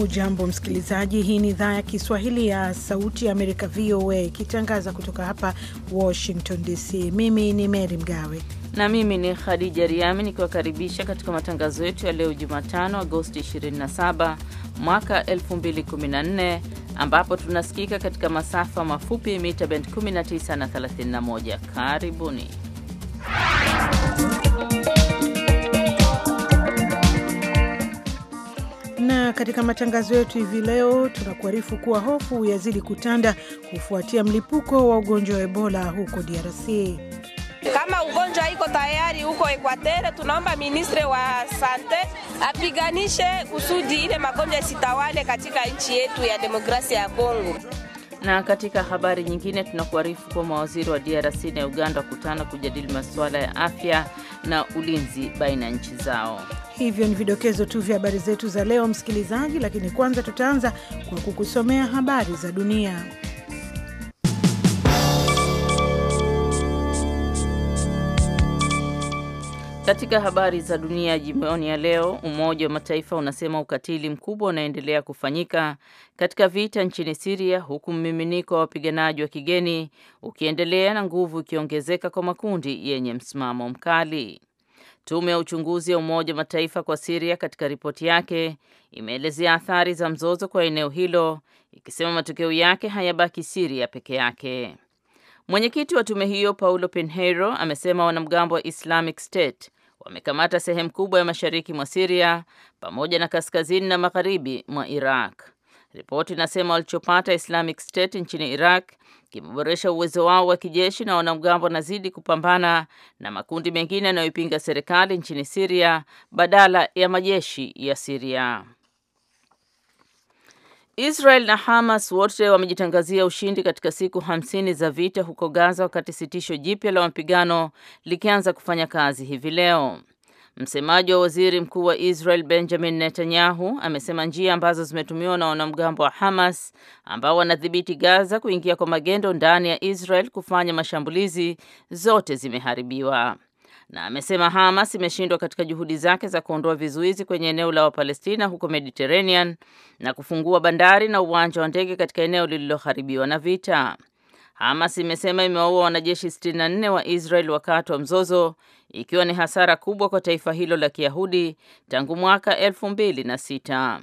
Hujambo msikilizaji, hii ni idhaa ya Kiswahili ya Sauti ya Amerika, VOA, ikitangaza kutoka hapa Washington DC. Mimi ni Mary Mgawe na mimi ni Khadija Riami nikiwakaribisha katika matangazo yetu ya leo Jumatano, Agosti 27 mwaka 2014 ambapo tunasikika katika masafa mafupi mita bend 19 na 31. Karibuni. na katika matangazo yetu hivi leo tunakuarifu kuwa hofu yazidi kutanda kufuatia mlipuko wa ugonjwa wa Ebola huko DRC. Kama ugonjwa iko tayari huko Ekwatere, tunaomba ministre wa sante apiganishe kusudi ile magonjwa sitawale katika nchi yetu ya demokrasia ya Kongo. Na katika habari nyingine tunakuarifu kuwa mawaziri wa DRC na Uganda wakutana kujadili masuala ya afya na ulinzi baina ya nchi zao. Hivyo ni vidokezo tu vya habari zetu za leo, msikilizaji, lakini kwanza tutaanza kwa kukusomea habari za dunia. Katika habari za dunia jioni ya leo, Umoja wa Mataifa unasema ukatili mkubwa unaendelea kufanyika katika vita nchini Siria, huku mmiminiko wa wapiganaji wa kigeni ukiendelea na nguvu ikiongezeka kwa makundi yenye msimamo mkali. Tume ya uchunguzi ya Umoja wa Mataifa kwa Siria katika ripoti yake imeelezea athari za mzozo kwa eneo hilo ikisema matokeo yake hayabaki Siria peke yake. Mwenyekiti wa tume hiyo Paulo Pinheiro amesema wanamgambo wa Islamic State wamekamata sehemu kubwa ya mashariki mwa Siria pamoja na kaskazini na magharibi mwa Iraq. Ripoti inasema walichopata Islamic State nchini Iraq kimeboresha uwezo wao wa kijeshi na wanamgambo wanazidi kupambana na makundi mengine yanayoipinga serikali nchini Siria badala ya majeshi ya Siria. Israel na Hamas wote wamejitangazia ushindi katika siku hamsini za vita huko Gaza wakati sitisho jipya la mapigano likianza kufanya kazi hivi leo. Msemaji wa waziri mkuu wa Israel Benjamin Netanyahu amesema njia ambazo zimetumiwa na wanamgambo wa Hamas ambao wanadhibiti Gaza kuingia kwa magendo ndani ya Israel kufanya mashambulizi zote zimeharibiwa. Na amesema Hamas imeshindwa katika juhudi zake za kuondoa vizuizi kwenye eneo la Wapalestina huko Mediterranean na kufungua bandari na uwanja wa ndege katika eneo lililoharibiwa na vita. Hamas imesema imewaua wanajeshi 64 wa Israel wakati wa mzozo, ikiwa ni hasara kubwa kwa taifa hilo la Kiyahudi tangu mwaka 2006.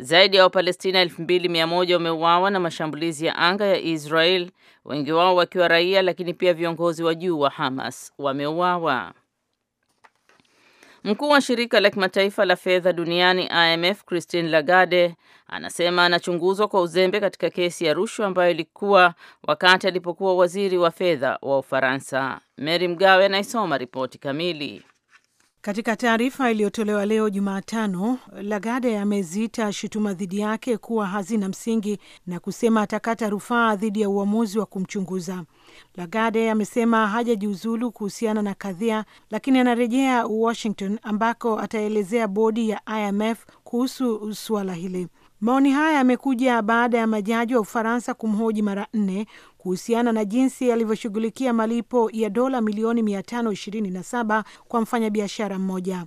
Zaidi ya Wapalestina 2100 wameuawa na mashambulizi ya anga ya Israel, wengi wao wakiwa raia, lakini pia viongozi wa juu wa Hamas wameuawa. Mkuu wa shirika la kimataifa la fedha duniani IMF, Christine Lagarde, anasema anachunguzwa kwa uzembe katika kesi ya rushwa ambayo ilikuwa wakati alipokuwa waziri wa fedha wa Ufaransa. Mary Mgawe anaisoma ripoti kamili. Katika taarifa iliyotolewa leo Jumatano, Lagarde ameziita shutuma dhidi yake kuwa hazina msingi na kusema atakata rufaa dhidi ya uamuzi wa kumchunguza. Lagarde amesema hajajiuzulu kuhusiana na kadhia, lakini anarejea Washington ambako ataelezea bodi ya IMF kuhusu suala hili. Maoni haya yamekuja baada ya majaji wa Ufaransa kumhoji mara nne kuhusiana na jinsi alivyoshughulikia malipo ya dola milioni 527 kwa mfanyabiashara mmoja.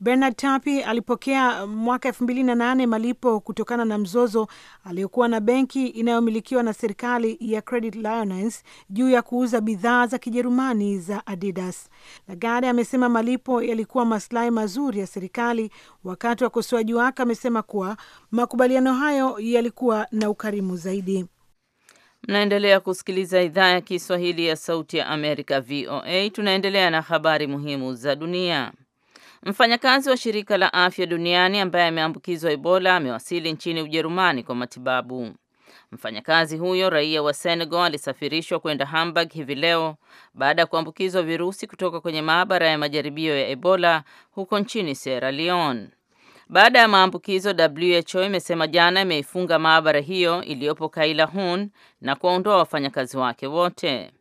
Bernard Tapi alipokea mwaka elfu mbili na nane malipo kutokana na mzozo aliyokuwa na benki inayomilikiwa na serikali ya Credit Lyonnais juu ya kuuza bidhaa za Kijerumani za Adidas. Lagarde amesema malipo yalikuwa masilahi mazuri ya serikali. Wakati wa ukosoaji wake, amesema kuwa makubaliano hayo yalikuwa na ukarimu zaidi. Mnaendelea kusikiliza idhaa ya Kiswahili ya Sauti ya Amerika, VOA. Tunaendelea na habari muhimu za dunia. Mfanyakazi wa shirika la afya duniani ambaye ameambukizwa Ebola amewasili nchini Ujerumani kwa matibabu. Mfanyakazi huyo raia wa Senegal alisafirishwa kwenda Hamburg hivi leo baada ya kuambukizwa virusi kutoka kwenye maabara ya majaribio ya Ebola huko nchini Sierra Leone. Baada ya maambukizo, WHO imesema jana imeifunga maabara hiyo iliyopo Kailahun na kuwaondoa wafanyakazi wake wote.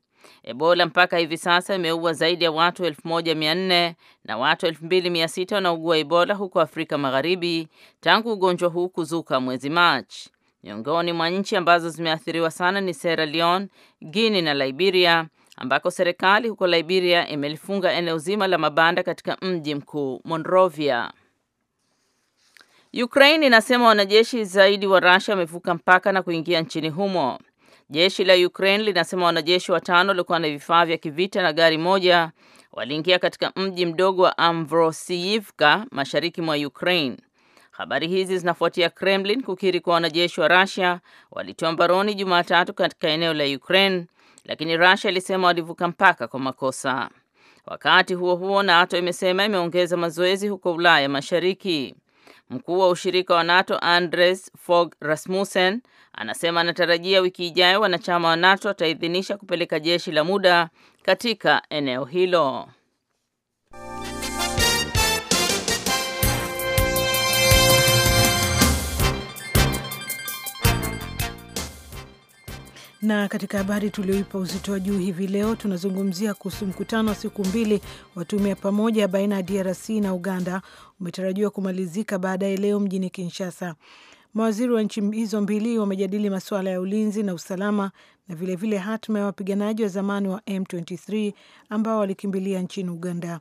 Ebola mpaka hivi sasa imeua zaidi ya watu 1400 na watu 2600 wanaugua Ebola huko Afrika Magharibi tangu ugonjwa huu kuzuka mwezi Machi. Miongoni mwa nchi ambazo zimeathiriwa sana ni Sierra Leone, Guinea na Liberia ambako serikali huko Liberia imelifunga eneo zima la mabanda katika mji mkuu Monrovia. Ukraine inasema wanajeshi zaidi wa Russia wamevuka mpaka na kuingia nchini humo. Jeshi la Ukraine linasema wanajeshi watano walikuwa na vifaa vya kivita na gari moja waliingia katika mji mdogo wa Amvrosiyivka mashariki mwa Ukraine. Habari hizi zinafuatia Kremlin kukiri kwa wanajeshi wa Russia walitoa mbaroni Jumatatu katika eneo la Ukraine, lakini Russia ilisema walivuka mpaka kwa makosa. Wakati huo huo, NATO imesema imeongeza mazoezi huko Ulaya Mashariki. Mkuu wa ushirika wa NATO Andres Fogh Rasmussen anasema anatarajia wiki ijayo wanachama wa NATO wataidhinisha kupeleka jeshi la muda katika eneo hilo. Na katika habari tulioipa uzito wa juu hivi leo, tunazungumzia kuhusu mkutano wa siku mbili wa tume ya pamoja baina ya DRC na Uganda umetarajiwa kumalizika baadaye leo mjini Kinshasa. Mawaziri wa nchi hizo mbili wamejadili masuala ya ulinzi na usalama na vilevile hatma ya wapiganaji wa zamani wa M23 ambao walikimbilia nchini Uganda.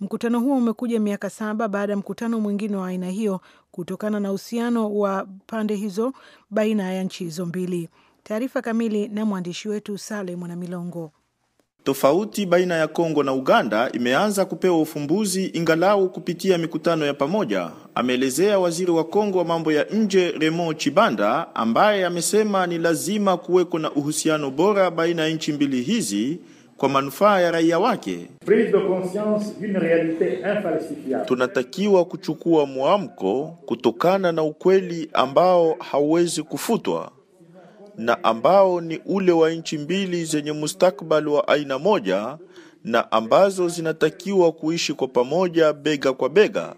Mkutano huo umekuja miaka saba baada ya mkutano mwingine wa aina hiyo kutokana na uhusiano wa pande hizo baina ya nchi hizo mbili. Taarifa kamili na mwandishi wetu Sale Mwanamilongo. Tofauti baina ya Kongo na Uganda imeanza kupewa ufumbuzi ingalau kupitia mikutano ya pamoja, ameelezea waziri wa Kongo wa mambo ya nje Remo Chibanda, ambaye amesema ni lazima kuweko na uhusiano bora baina ya nchi mbili hizi kwa manufaa ya raia wake. Tunatakiwa kuchukua mwamko kutokana na ukweli ambao hauwezi kufutwa na ambao ni ule wa nchi mbili zenye mustakbali wa aina moja na ambazo zinatakiwa kuishi kwa pamoja bega kwa bega.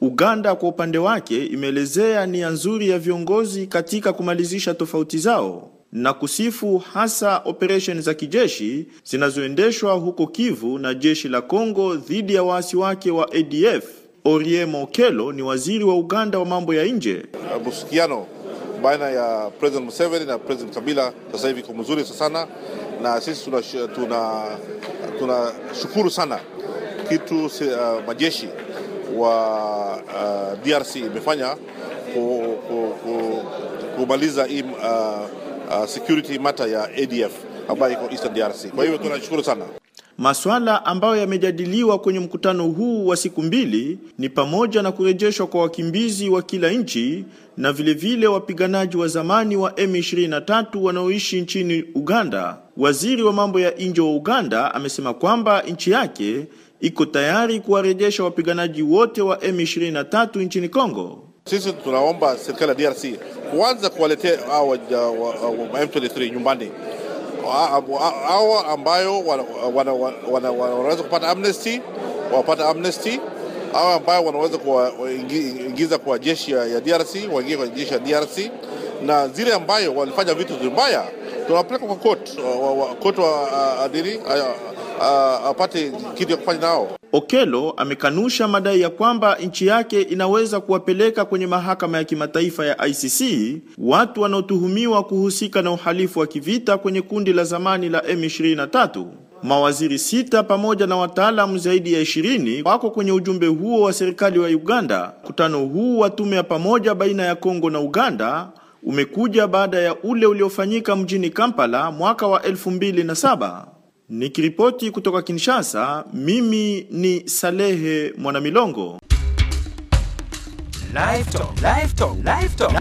Uganda kwa upande wake imeelezea nia nzuri ya viongozi katika kumalizisha tofauti zao na kusifu hasa operesheni za kijeshi zinazoendeshwa huko Kivu na jeshi la Kongo dhidi ya waasi wake wa ADF. Oriemo Kelo ni waziri wa Uganda wa mambo ya nje. Busikiano baina ya President Museveni na President Kabila sasa hivi iko mzuri sana, na sisi tunashukuru tuna, tuna sana kitu uh, majeshi wa uh, DRC imefanya kumaliza hii uh, uh, security matter ya ADF ambayo iko Eastern DRC. Kwa hivyo tunashukuru sana. Masuala ambayo yamejadiliwa kwenye mkutano huu wa siku mbili ni pamoja na kurejeshwa kwa wakimbizi wa kila nchi na vilevile vile wapiganaji wa zamani wa M23 wanaoishi nchini Uganda. Waziri wa mambo ya nje wa Uganda amesema kwamba nchi yake iko tayari kuwarejesha wapiganaji wote wa M23 nchini Kongo. Sisi tunaomba serikali ya DRC kuanza kuwaletea hao wa M23 nyumbani hawa ambayo wanaweza kupata amnesty wapata amnesty hawa ambayo wanaweza kuingiza kwa jeshi ya DRC waingie kwa jeshi ya DRC, na zile ambayo walifanya vitu vibaya tunawapeleka kwa court court wa adiri apate kitu ya kufanya nao. Okello amekanusha madai ya kwamba nchi yake inaweza kuwapeleka kwenye mahakama ya kimataifa ya ICC watu wanaotuhumiwa kuhusika na uhalifu wa kivita kwenye kundi la zamani la M23. Mawaziri sita pamoja na wataalamu zaidi ya ishirini wako kwenye ujumbe huo wa serikali wa Uganda. Mkutano huu wa tume ya pamoja baina ya Kongo na Uganda umekuja baada ya ule uliofanyika mjini Kampala mwaka wa 2007. Nikiripoti kutoka Kinshasa, mimi ni Salehe Mwanamilongo. Live Talk, Live Talk, Live Talk.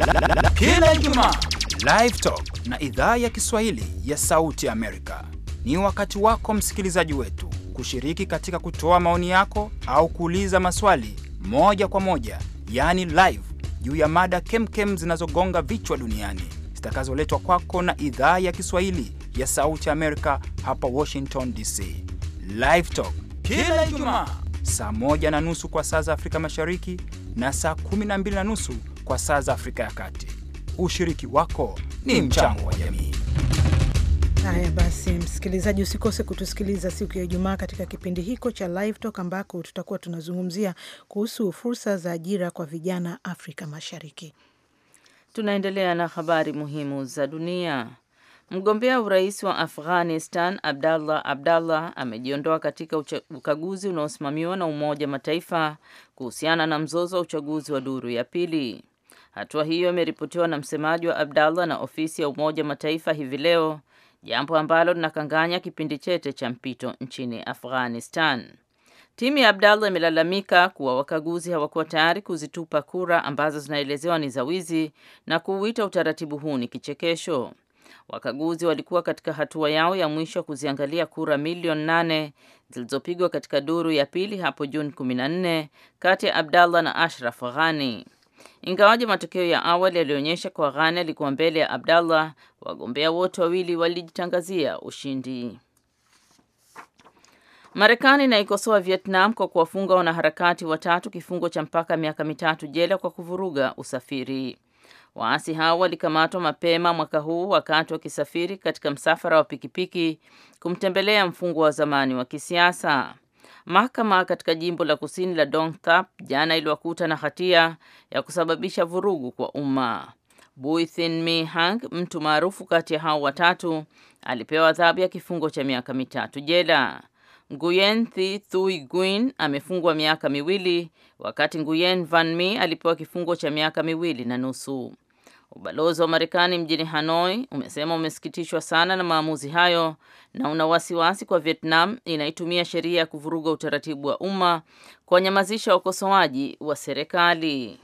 Kila Ijumaa Live Talk na idhaa ya Kiswahili ya Sauti Amerika. Ni wakati wako msikilizaji wetu kushiriki katika kutoa maoni yako au kuuliza maswali moja kwa moja, yaani live, juu ya mada kemkem zinazogonga vichwa duniani zitakazoletwa kwako na idhaa ya Kiswahili ya Sauti Amerika hapa Washington DC. Live Talk kila Ijumaa saa moja na nusu kwa saa za Afrika Mashariki na saa kumi na mbili na nusu kwa saa za Afrika ya Kati. Ushiriki wako ni mchango wa jamii. Haya basi, msikilizaji, usikose kutusikiliza siku ya Ijumaa katika kipindi hiko cha Live Talk ambako tutakuwa tunazungumzia kuhusu fursa za ajira kwa vijana Afrika Mashariki. Tunaendelea na habari muhimu za dunia. Mgombea urais wa Afghanistan Abdallah Abdallah amejiondoa katika ukaguzi unaosimamiwa na Umoja Mataifa kuhusiana na mzozo wa uchaguzi wa duru ya pili. Hatua hiyo imeripotiwa na msemaji wa Abdallah na ofisi ya Umoja Mataifa hivi leo, jambo ambalo linakanganya kipindi chete cha mpito nchini Afghanistan. Timu ya Abdallah imelalamika kuwa wakaguzi hawakuwa tayari kuzitupa kura ambazo zinaelezewa ni za wizi na kuuita utaratibu huu ni kichekesho. Wakaguzi walikuwa katika hatua yao ya mwisho kuziangalia kura milioni nane zilizopigwa katika duru ya pili hapo Juni 14 kati ya Abdallah na Ashraf Ghani. Ingawaje matokeo ya awali yalionyesha kwa Ghani alikuwa mbele ya Abdallah, wagombea wote wawili walijitangazia ushindi. Marekani inaikosoa Vietnam kwa kuwafunga wanaharakati watatu kifungo cha mpaka miaka mitatu jela kwa kuvuruga usafiri. Waasi hao walikamatwa mapema mwaka huu wakati wakisafiri katika msafara wa pikipiki kumtembelea mfungwa wa zamani wa kisiasa. Mahakama katika jimbo la kusini la Dong jana iliwakuta na hatia ya kusababisha vurugu kwa umma. Buithin Thin Mi Hang, mtu maarufu kati ya hao watatu, alipewa adhabu ya kifungo cha miaka mitatu jela. Nguyen Thi Thui Guin amefungwa miaka miwili wakati Nguyen Van Mi alipewa kifungo cha miaka miwili na nusu. Ubalozi wa Marekani mjini Hanoi umesema umesikitishwa sana na maamuzi hayo na una wasiwasi kwa Vietnam inaitumia sheria ya kuvuruga utaratibu wa umma kuwanyamazisha wakosoaji wa serikali.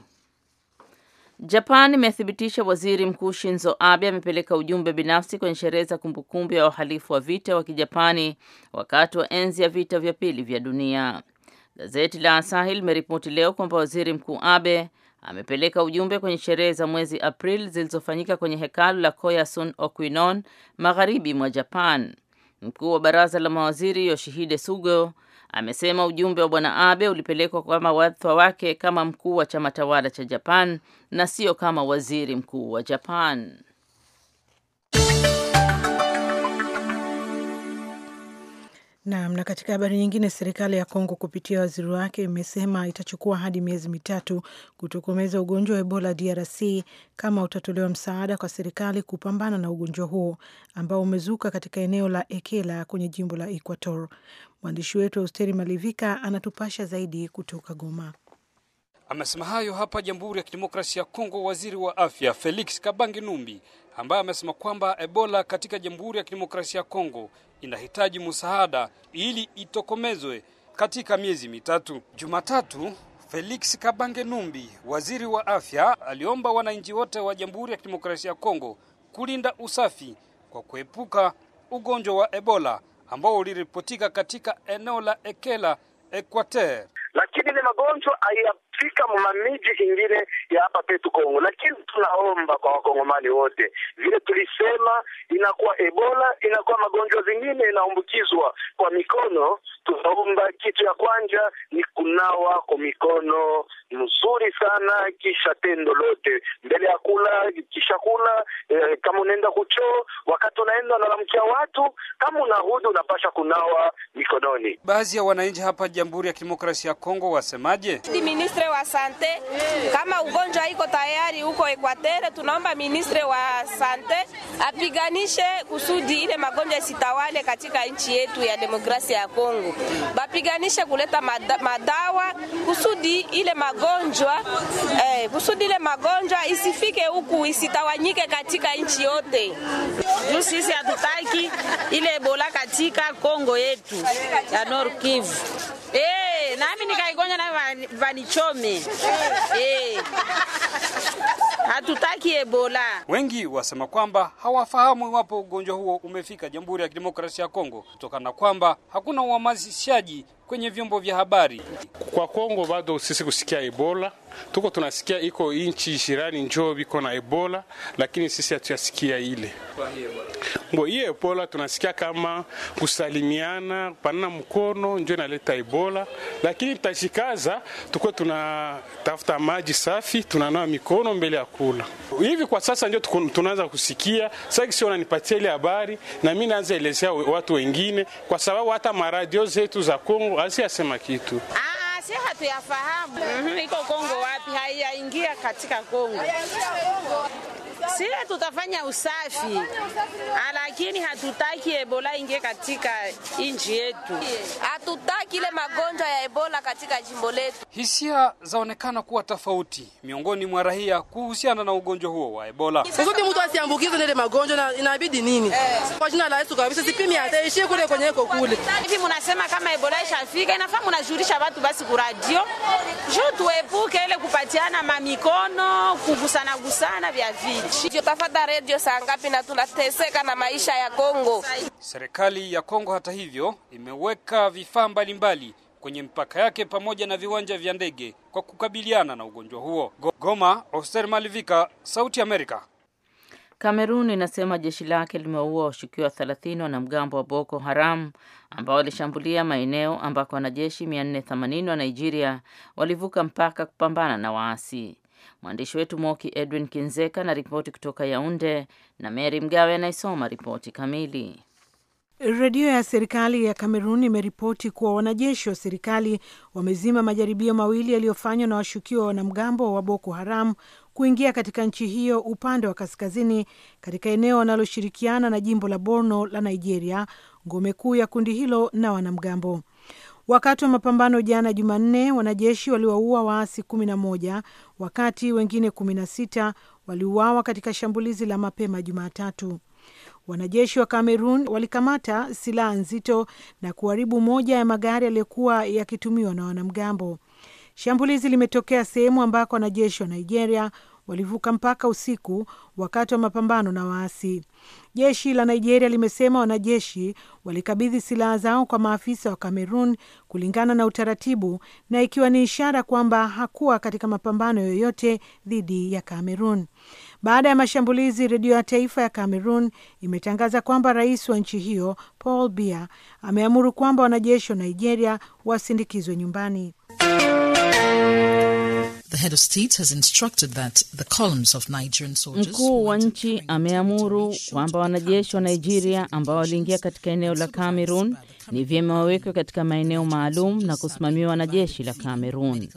Japan imethibitisha waziri mkuu Shinzo Abe amepeleka ujumbe binafsi kwenye sherehe za kumbukumbu ya wahalifu wa vita wa Kijapani wakati wa enzi ya vita vya pili vya dunia. Gazeti la Asahi limeripoti leo kwamba waziri mkuu Abe amepeleka ujumbe kwenye sherehe za mwezi Aprili zilizofanyika kwenye hekalu la Koyasun Okuinon magharibi mwa Japan. Mkuu wa baraza la mawaziri Yoshihide Sugo amesema ujumbe wa bwana Abe ulipelekwa kama wadhifa wake kama mkuu wa chama tawala cha Japan na sio kama waziri mkuu wa Japan. Naam, na katika habari nyingine, serikali ya Kongo kupitia waziri wake imesema itachukua hadi miezi mitatu kutokomeza ugonjwa wa Ebola DRC kama utatolewa msaada kwa serikali kupambana na ugonjwa huo ambao umezuka katika eneo la Ekela kwenye jimbo la Equator. Mwandishi wetu Austeri Malivika anatupasha zaidi kutoka Goma. Amesema hayo hapa Jamhuri ya Kidemokrasia ya Kongo waziri wa afya Felix Kabange Numbi ambaye amesema kwamba Ebola katika Jamhuri ya Kidemokrasia ya Kongo inahitaji msaada ili itokomezwe katika miezi mitatu. Jumatatu, Felix Kabange Numbi, waziri wa afya, aliomba wananchi wote wa Jamhuri ya Kidemokrasia ya Kongo kulinda usafi kwa kuepuka ugonjwa wa Ebola ambao uliripotika katika eneo la Ekela Equateur, lakini ni magonjwa kufika mamiji ingine ya hapa petu Kongo, lakini tunaomba kwa wakongomani wote, vile tulisema inakuwa Ebola, inakuwa magonjwa zingine inaambukizwa kwa mikono. Tunaomba kitu ya kwanja ni kunawa kwa mikono mzuri sana, kisha tendo lote mbele ya kula, kisha kula eh, kama unaenda kuchoo, wakati unaenda unalamkia watu, kama unahudi unapasha kunawa mikononi. Baadhi ya wananchi hapa Jamhuri ya Kidemokrasia ya Kongo wasemaje? Ministre wa sante. Kama ugonjwa iko tayari huko Ekwatere, tunaomba ministre wa sante apiganishe kusudi ile magonjwa isitawale katika nchi yetu ya demokrasia ya Kongo, bapiganishe kuleta mada, madawa kusudi ile magonjwa eh, kusudi ile magonjwa isifike huku isitawanyike katika nchi yote. Juu sisi hatutaki ile Ebola katika Kongo yetu ya Nord Kivu eh nami nikaigonja na vanichome eh. Hatutaki Ebola. Wengi wasema kwamba hawafahamu iwapo ugonjwa huo umefika Jamhuri ya Kidemokrasia ya Kongo kutokana na kwamba hakuna uhamasishaji kwenye vyombo vya habari. Kwa Kongo bado sisi kusikia Ebola, tuko tunasikia iko inchi jirani njoo biko na Ebola, lakini sisi hatuyasikia ile ngo hiyo Ebola. Tunasikia kama kusalimiana panana mkono njoo inaleta Ebola, lakini tutashikaza, tuko tunatafuta maji safi, tunanawa mikono mbele ya kula. Hivi kwa sasa ndio tunaanza kusikia sasa, kisio nanipatia ile habari na mimi naanza elezea watu wengine, kwa sababu hata maradio zetu za Kongo basi asema kitu ah, si hatuyafahamu. Mm -hmm. Iko Kongo wapi? Haiyaingia katika Kongo. Sile tutafanya usafi, ah, lakini hatutaki Ebola ingie katika nchi yetu, hatutaki ile magonjwa ya Ebola katika jimbo letu. Hisia zaonekana kuwa tofauti miongoni mwa raia kuhusiana na ugonjwa huo wa Ebola. Kusudi mtu asiambukizwe na ile magonjwa inabidi nini? Eh. Kwa jina la Yesu kabisa sipimi ataishie kule kwenye iko kule. Hivi mnasema kama Ebola ishafika inafaa mnajulisha watu basi ku radio. Jo tuepuke ile kupatiana mamikono, kugusana gusana vya vile nchi. redio saa ngapi? Na tunateseka na maisha ya Kongo. Serikali ya Kongo hata hivyo imeweka vifaa mbalimbali kwenye mpaka yake pamoja na viwanja vya ndege kwa kukabiliana na ugonjwa huo. Goma, Oster Malivika, Sauti Amerika. Kamerun inasema jeshi lake limeua washukiwa 30 wanamgambo wa Boko Haram ambao walishambulia maeneo ambako wanajeshi 480 wa Nigeria walivuka mpaka kupambana na waasi. Mwandishi wetu Moki Edwin Kinzeka na ripoti kutoka Yaunde na Mary Mgawe anayesoma ripoti kamili. Redio ya serikali ya Kamerun imeripoti kuwa wanajeshi wa serikali wamezima majaribio mawili yaliyofanywa na washukiwa wanamgambo wa Boko Haram kuingia katika nchi hiyo upande wa kaskazini katika eneo wanaloshirikiana na jimbo la Borno la Nigeria, ngome kuu ya kundi hilo na wanamgambo. Wakati wa mapambano jana Jumanne, wanajeshi waliwaua waasi kumi na moja wakati wengine kumi na sita waliuawa katika shambulizi la mapema Jumatatu. Wanajeshi wa Kamerun walikamata silaha nzito na kuharibu moja ya magari yaliyokuwa yakitumiwa na wanamgambo. Shambulizi limetokea sehemu ambako wanajeshi wa Nigeria walivuka mpaka usiku wakati wa mapambano na waasi. Jeshi la Nigeria limesema wanajeshi walikabidhi silaha zao kwa maafisa wa Kamerun kulingana na utaratibu, na ikiwa ni ishara kwamba hakuwa katika mapambano yoyote dhidi ya Kamerun. Baada ya mashambulizi, redio ya taifa ya Kamerun imetangaza kwamba rais wa nchi hiyo Paul Biya ameamuru kwamba wanajeshi wa Nigeria wasindikizwe nyumbani. Mkuu wa nchi ameamuru kwamba wanajeshi wa Nigeria ambao waliingia katika eneo la Cameroon ni vyema wawekwe katika maeneo maalum na kusimamiwa na jeshi la Cameroon.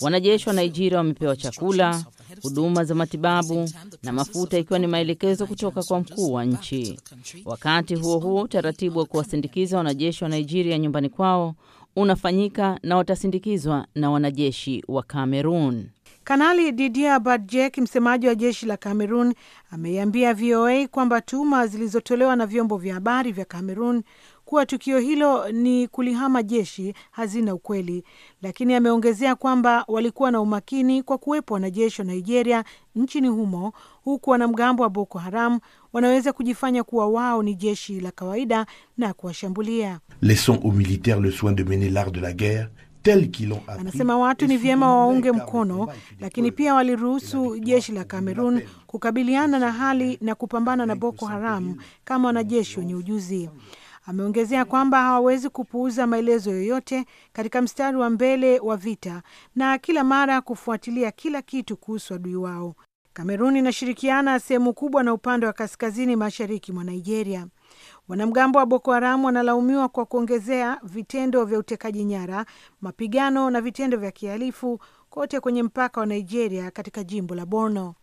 Wanajeshi wa Nigeria wamepewa chakula, huduma za matibabu na mafuta, ikiwa ni maelekezo kutoka kwa mkuu wa nchi. Wakati huo huo, utaratibu wa kuwasindikiza wanajeshi wa Nigeria nyumbani kwao unafanyika na watasindikizwa na wanajeshi wa cameron Kanali Didier Badjek, msemaji wa jeshi la cameron ameiambia VOA kwamba tuhuma zilizotolewa na vyombo vya habari vya cameron kuwa tukio hilo ni kulihama jeshi hazina ukweli, lakini ameongezea kwamba walikuwa na umakini kwa kuwepo wanajeshi wa Nigeria nchini humo, huku wanamgambo wa Boko Haram wanaweza kujifanya kuwa wao ni jeshi la kawaida na kuwashambulia. Laissons aux militaires le soin de mener l'art de la guerre Anasema watu ni vyema waunge mkono, lakini pia waliruhusu jeshi la cameron kukabiliana na hali na kupambana na Boko Haram kama wanajeshi wenye ujuzi. Ameongezea kwamba hawawezi kupuuza maelezo yoyote katika mstari wa mbele wa vita na kila mara kufuatilia kila kitu kuhusu adui wao. Kameruni inashirikiana sehemu kubwa na upande wa kaskazini mashariki mwa Nigeria. Wanamgambo wa Boko Haram wanalaumiwa kwa kuongezea vitendo vya utekaji nyara, mapigano na vitendo vya kihalifu kote kwenye mpaka wa Nigeria katika jimbo la Borno.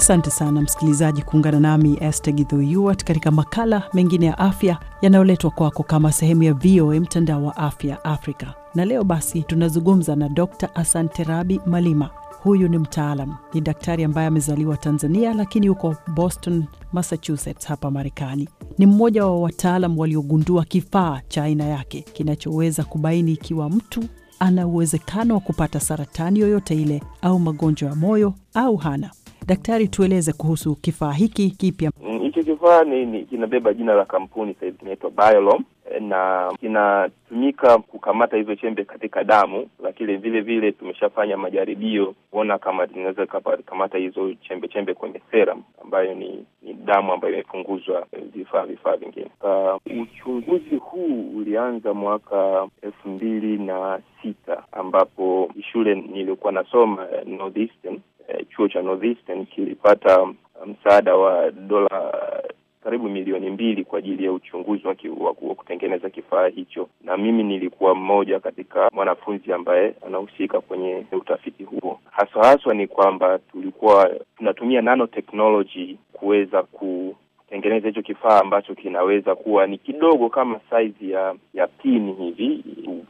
Asante sana msikilizaji kuungana nami Esther Githoyuat katika makala mengine ya afya yanayoletwa kwako kama sehemu ya VOA mtandao wa afya Afrika. Na leo basi tunazungumza na Dr. Asante Rabi Malima. Huyu ni mtaalam, ni daktari ambaye amezaliwa Tanzania lakini yuko Boston, Massachusetts hapa Marekani. Ni mmoja wa wataalam waliogundua kifaa cha aina yake kinachoweza kubaini ikiwa mtu ana uwezekano wa kupata saratani yoyote ile au magonjwa ya moyo au hana. Daktari, tueleze kuhusu kifaa hiki kipya. Mm, hiki kifaa ni, ni kinabeba jina la kampuni inaitwa Biolom eh, na kinatumika kukamata hizo chembe katika damu, lakini vile vile tumeshafanya majaribio kuona kama zinaweza kamata hizo chembe chembe kwenye serum ambayo ni, ni damu ambayo imepunguzwa eh, vifaa vifaa vingine. Uh, uchunguzi huu ulianza mwaka elfu mbili na sita ambapo shule niliyokuwa nasoma eh, Northeastern eh, chuo cha Northeastern kilipata um, msaada wa dola karibu milioni mbili kwa ajili ya uchunguzi wa, wa kutengeneza kifaa hicho, na mimi nilikuwa mmoja katika mwanafunzi ambaye anahusika kwenye utafiti huo. Haswa haswa ni kwamba tulikuwa tunatumia nanotechnology kuweza ku tengeneza hicho kifaa ambacho kinaweza kuwa ni kidogo kama saizi ya ya pini hivi,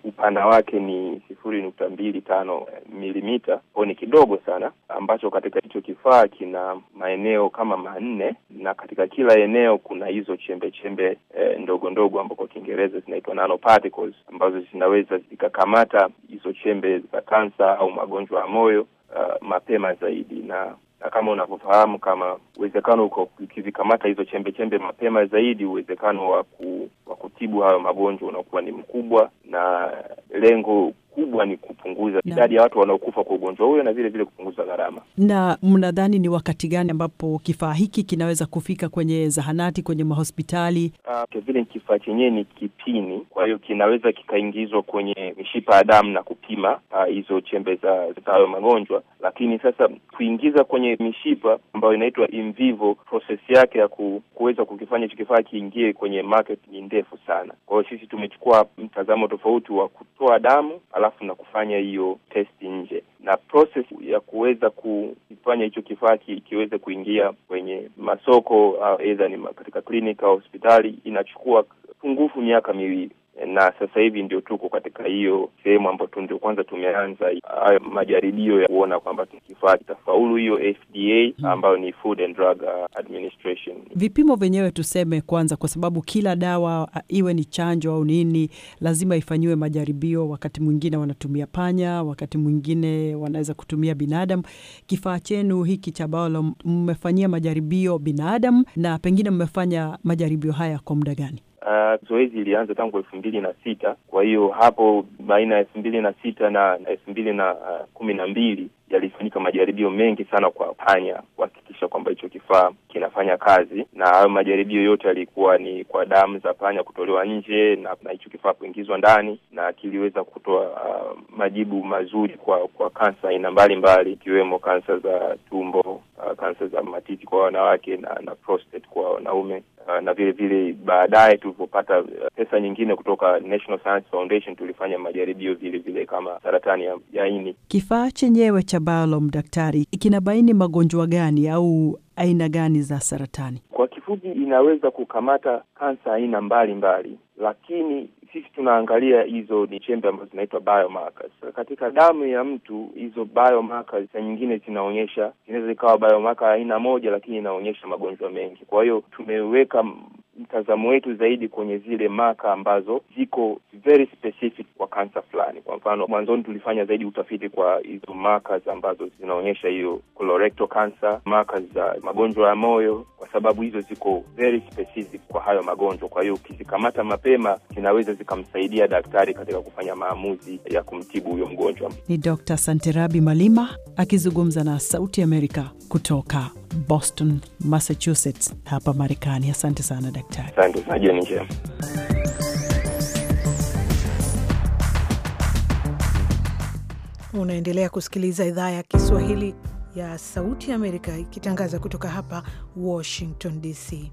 upana wake ni sifuri nukta mbili tano eh, milimita kwao, ni kidogo sana, ambacho katika hicho kifaa kina maeneo kama manne, na katika kila eneo kuna hizo chembe chembe e, ndogo ndogo ambao kwa Kiingereza zinaitwa nanoparticles ambazo zinaweza zikakamata hizo chembe za kansa au magonjwa ya moyo uh, mapema zaidi na na kama unavyofahamu, kama uwezekano uko ukizikamata hizo chembe chembe mapema zaidi, uwezekano wa ku, wa kutibu hayo magonjwa unakuwa ni mkubwa, na lengo kubwa ni kupunguza idadi ya watu wanaokufa kwa ugonjwa huyo na vile vile kupunguza gharama. Na mnadhani ni wakati gani ambapo kifaa hiki kinaweza kufika kwenye zahanati, kwenye mahospitali? Uh, vile kifaa chenyewe ni kipini, kwa hiyo kinaweza kikaingizwa kwenye mishipa ya damu na kupima ah, hizo uh, chembe za hayo magonjwa, lakini sasa kuingiza kwenye mishipa ambayo inaitwa in vivo, process yake ya kuweza kukifanya hicho kifaa kiingie kwenye market ni ndefu sana. Kwa hiyo sisi tumechukua mtazamo tofauti wa kutoa damu ala halafu na kufanya hiyo testi nje, na proses ya kuweza kufanya hicho kifaa kiweze kuingia kwenye masoko, edha ni katika klinik au hospitali, inachukua pungufu miaka miwili na sasa hivi ndio tuko katika hiyo sehemu ambayo tu ndio kwanza tumeanza hayo majaribio ya kuona kwamba kifaa kitafaulu hiyo FDA hmm. ambayo ni Food and Drug Administration. Vipimo vyenyewe tuseme kwanza, kwa sababu kila dawa iwe ni chanjo au nini, lazima ifanyiwe majaribio. Wakati mwingine wanatumia panya, wakati mwingine wanaweza kutumia binadamu. Kifaa chenu hiki cha Baolo mmefanyia majaribio binadamu, na pengine mmefanya majaribio haya kwa muda gani? Uh, zoezi ilianza tangu elfu mbili na sita. Kwa hiyo hapo baina ya elfu mbili na sita na elfu mbili na ah, kumi na mbili yalifanyika majaribio mengi sana kwa panya kuhakikisha kwamba hicho kifaa kinafanya kazi, na hayo majaribio yote yalikuwa ni kwa damu za panya kutolewa nje na hicho kifaa kuingizwa ndani, na kiliweza kutoa uh, majibu mazuri kwa kwa kansa aina mbalimbali ikiwemo kansa za tumbo, uh, kansa za matiti kwa wanawake na, na prostate kwa wanaume uh, na vile vile baadaye tulipopata uh, pesa nyingine kutoka National Science Foundation tulifanya majaribio vile vile kama saratani ya, ya ini. Kifaa chenyewe cha mtabalam daktari, kinabaini magonjwa gani au aina gani za saratani? Kwa kifupi, inaweza kukamata kansa aina mbalimbali, lakini sisi tunaangalia hizo ni chembe ambazo zinaitwa biomarkers katika damu ya mtu. Hizo biomarkers saa nyingine zinaonyesha, zinaweza ikawa biomarker aina moja, lakini inaonyesha magonjwa mengi. Kwa hiyo tumeweka mtazamo wetu zaidi kwenye zile maka ambazo ziko very specific kwa kansa fulani. Kwa mfano, mwanzoni tulifanya zaidi utafiti kwa hizo markers ambazo zinaonyesha hiyo colorectal cancer, markers za magonjwa ya moyo, kwa sababu hizo ziko very specific kwa hayo magonjwa. Kwa hiyo ukizikamata mapema zinaweza zikamsaidia daktari katika kufanya maamuzi ya kumtibu huyo mgonjwa. Ni Dr. Santerabi Malima akizungumza na Sauti Amerika kutoka Boston, Massachusetts hapa Marekani. Asante sana daktari. Asante na jioni njema. Unaendelea kusikiliza idhaa ya Kiswahili ya Sauti ya Amerika ikitangaza kutoka hapa Washington DC.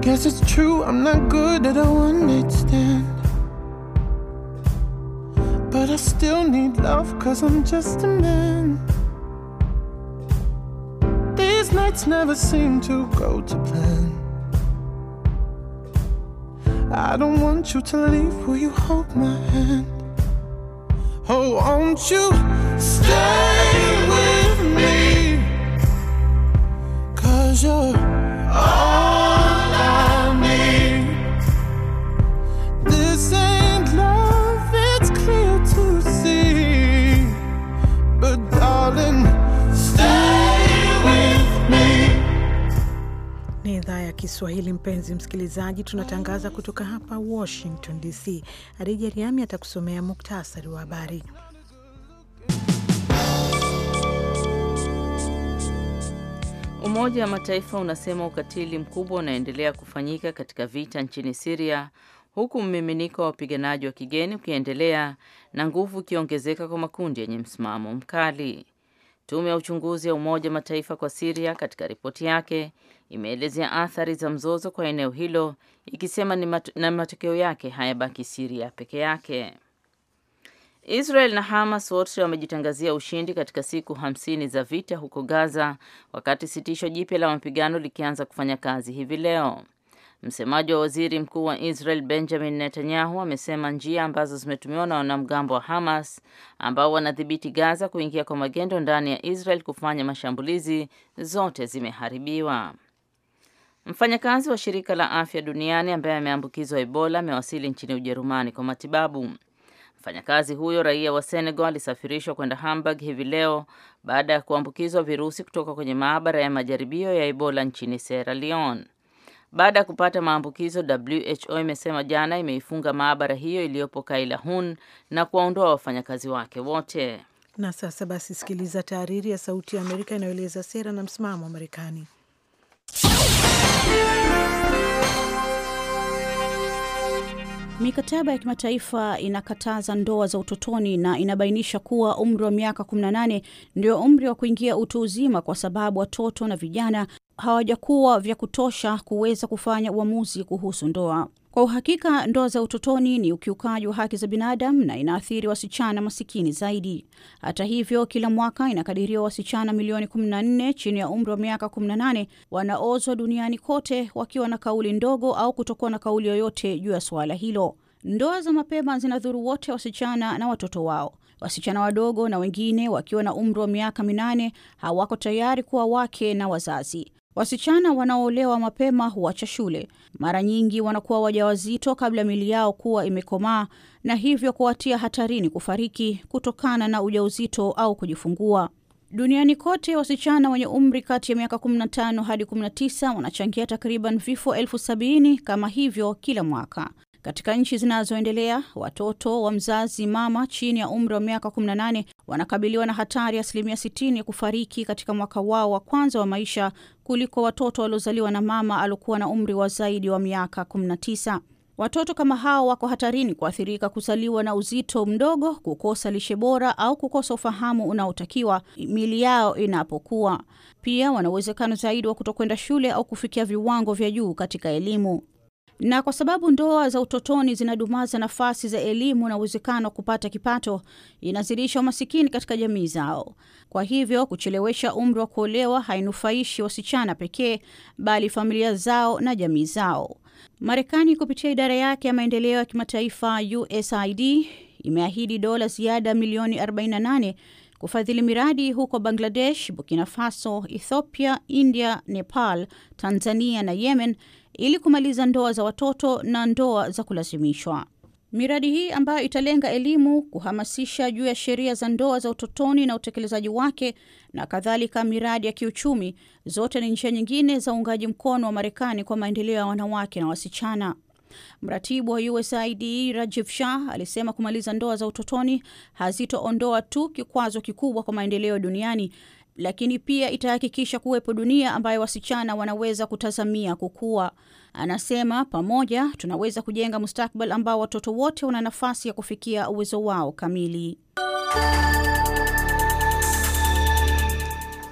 Guess it's true, I'm not good at a one night stand. But I still need love cause I'm just a man. These nights never seem to go to plan. I don't want you to leave. Will you hold my hand? Oh, won't you stay with me? Cause you're all. idhaa ya Kiswahili. Mpenzi msikilizaji, tunatangaza kutoka hapa Washington DC. arija Riami atakusomea muktasari wa habari. Umoja wa Mataifa unasema ukatili mkubwa unaendelea kufanyika katika vita nchini Siria, huku mmiminiko wa wapiganaji wa kigeni ukiendelea na nguvu ikiongezeka kwa makundi yenye msimamo mkali. Tume ya uchunguzi ya Umoja wa Mataifa kwa Siria katika ripoti yake imeelezea athari za mzozo kwa eneo hilo ikisema ni matu, na matokeo yake hayabaki Siria peke yake. Israel na Hamas wote wamejitangazia ushindi katika siku hamsini za vita huko Gaza, wakati sitisho jipya la mapigano likianza kufanya kazi hivi leo. Msemaji wa waziri mkuu wa Israel Benjamin Netanyahu amesema njia ambazo zimetumiwa na wanamgambo wa Hamas ambao wanadhibiti Gaza kuingia kwa magendo ndani ya Israel kufanya mashambulizi zote zimeharibiwa. Mfanyakazi wa shirika la afya duniani ambaye ameambukizwa Ebola amewasili nchini Ujerumani kwa matibabu. Mfanyakazi huyo raia wa Senegal alisafirishwa kwenda Hamburg hivi leo baada ya kuambukizwa virusi kutoka kwenye maabara ya majaribio ya Ebola nchini Sierra Leone. Baada ya kupata maambukizo, WHO imesema jana imeifunga maabara hiyo iliyopo Kailahun na kuwaondoa wafanyakazi wake wote. Na sasa basi, sikiliza tahariri ya Sauti ya Amerika inayoeleza sera na msimamo wa Marekani. Mikataba ya kimataifa inakataza ndoa za utotoni na inabainisha kuwa umri wa miaka 18 ndio umri wa kuingia utu uzima, kwa sababu watoto na vijana hawajakuwa vya kutosha kuweza kufanya uamuzi kuhusu ndoa. Kwa uhakika ndoa za utotoni ni ukiukaji wa haki za binadamu na inaathiri wasichana masikini zaidi. Hata hivyo, kila mwaka inakadiriwa wasichana milioni 14 chini ya umri wa miaka 18 wanaozwa duniani kote wakiwa na kauli ndogo au kutokuwa na kauli yoyote juu ya suala hilo. Ndoa za mapema zinadhuru wote wasichana na watoto wao. Wasichana wadogo na wengine wakiwa na umri wa miaka minane hawako tayari kuwa wake na wazazi. Wasichana wanaoolewa mapema huacha shule, mara nyingi wanakuwa wajawazito kabla mili yao kuwa imekomaa, na hivyo kuwatia hatarini kufariki kutokana na ujauzito au kujifungua. Duniani kote wasichana wenye umri kati ya miaka 15 hadi 19 wanachangia takriban vifo elfu sabini kama hivyo kila mwaka. Katika nchi zinazoendelea, watoto wa mzazi mama chini ya umri wa miaka 18 wanakabiliwa na hatari ya asilimia 60 ya kufariki katika mwaka wao wa kwanza wa maisha kuliko watoto waliozaliwa na mama aliokuwa na umri wa zaidi wa miaka 19. Watoto kama hao wako hatarini kuathirika kuzaliwa na uzito mdogo, kukosa lishe bora au kukosa ufahamu unaotakiwa mili yao inapokuwa. Pia wana uwezekano zaidi wa kutokwenda shule au kufikia viwango vya juu katika elimu. Na kwa sababu ndoa za utotoni zinadumaza nafasi za elimu na uwezekano wa kupata kipato, inazidisha umasikini katika jamii zao. Kwa hivyo kuchelewesha umri wa kuolewa hainufaishi wasichana pekee, bali familia zao na jamii zao. Marekani kupitia idara yake ya maendeleo ya kimataifa USAID imeahidi dola ziada milioni 48 kufadhili miradi huko Bangladesh, Burkina Faso, Ethiopia, India, Nepal, Tanzania na Yemen ili kumaliza ndoa za watoto na ndoa za kulazimishwa. Miradi hii ambayo italenga elimu, kuhamasisha juu ya sheria za ndoa za utotoni na utekelezaji wake na kadhalika, miradi ya kiuchumi, zote ni njia nyingine za uungaji mkono wa Marekani kwa maendeleo ya wanawake na wasichana. Mratibu wa USAID Rajiv Shah alisema kumaliza ndoa za utotoni hazitoondoa tu kikwazo kikubwa kwa maendeleo duniani, lakini pia itahakikisha kuwepo dunia ambayo wasichana wanaweza kutazamia kukua. Anasema pamoja tunaweza kujenga mustakbal ambao watoto wote wana nafasi ya kufikia uwezo wao kamili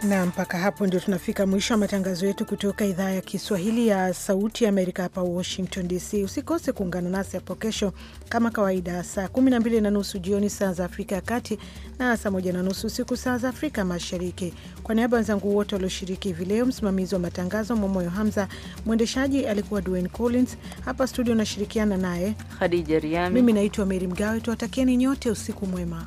na mpaka hapo ndio tunafika mwisho wa matangazo yetu kutoka idhaa ya Kiswahili ya Sauti ya Amerika hapa Washington DC. Usikose kuungana nasi hapo kesho kama kawaida, saa 12 na nusu jioni saa za Afrika ya Kati na saa 1 na nusu usiku saa za Afrika Mashariki. Kwa niaba ya wenzangu wote walioshiriki hivi leo, msimamizi wa matangazo Mwamoyo Hamza, mwendeshaji alikuwa Dwayne Collins, hapa studio nashirikiana naye Hadija Riami, mimi naitwa Meri Mgawe. Tuwatakieni nyote usiku mwema.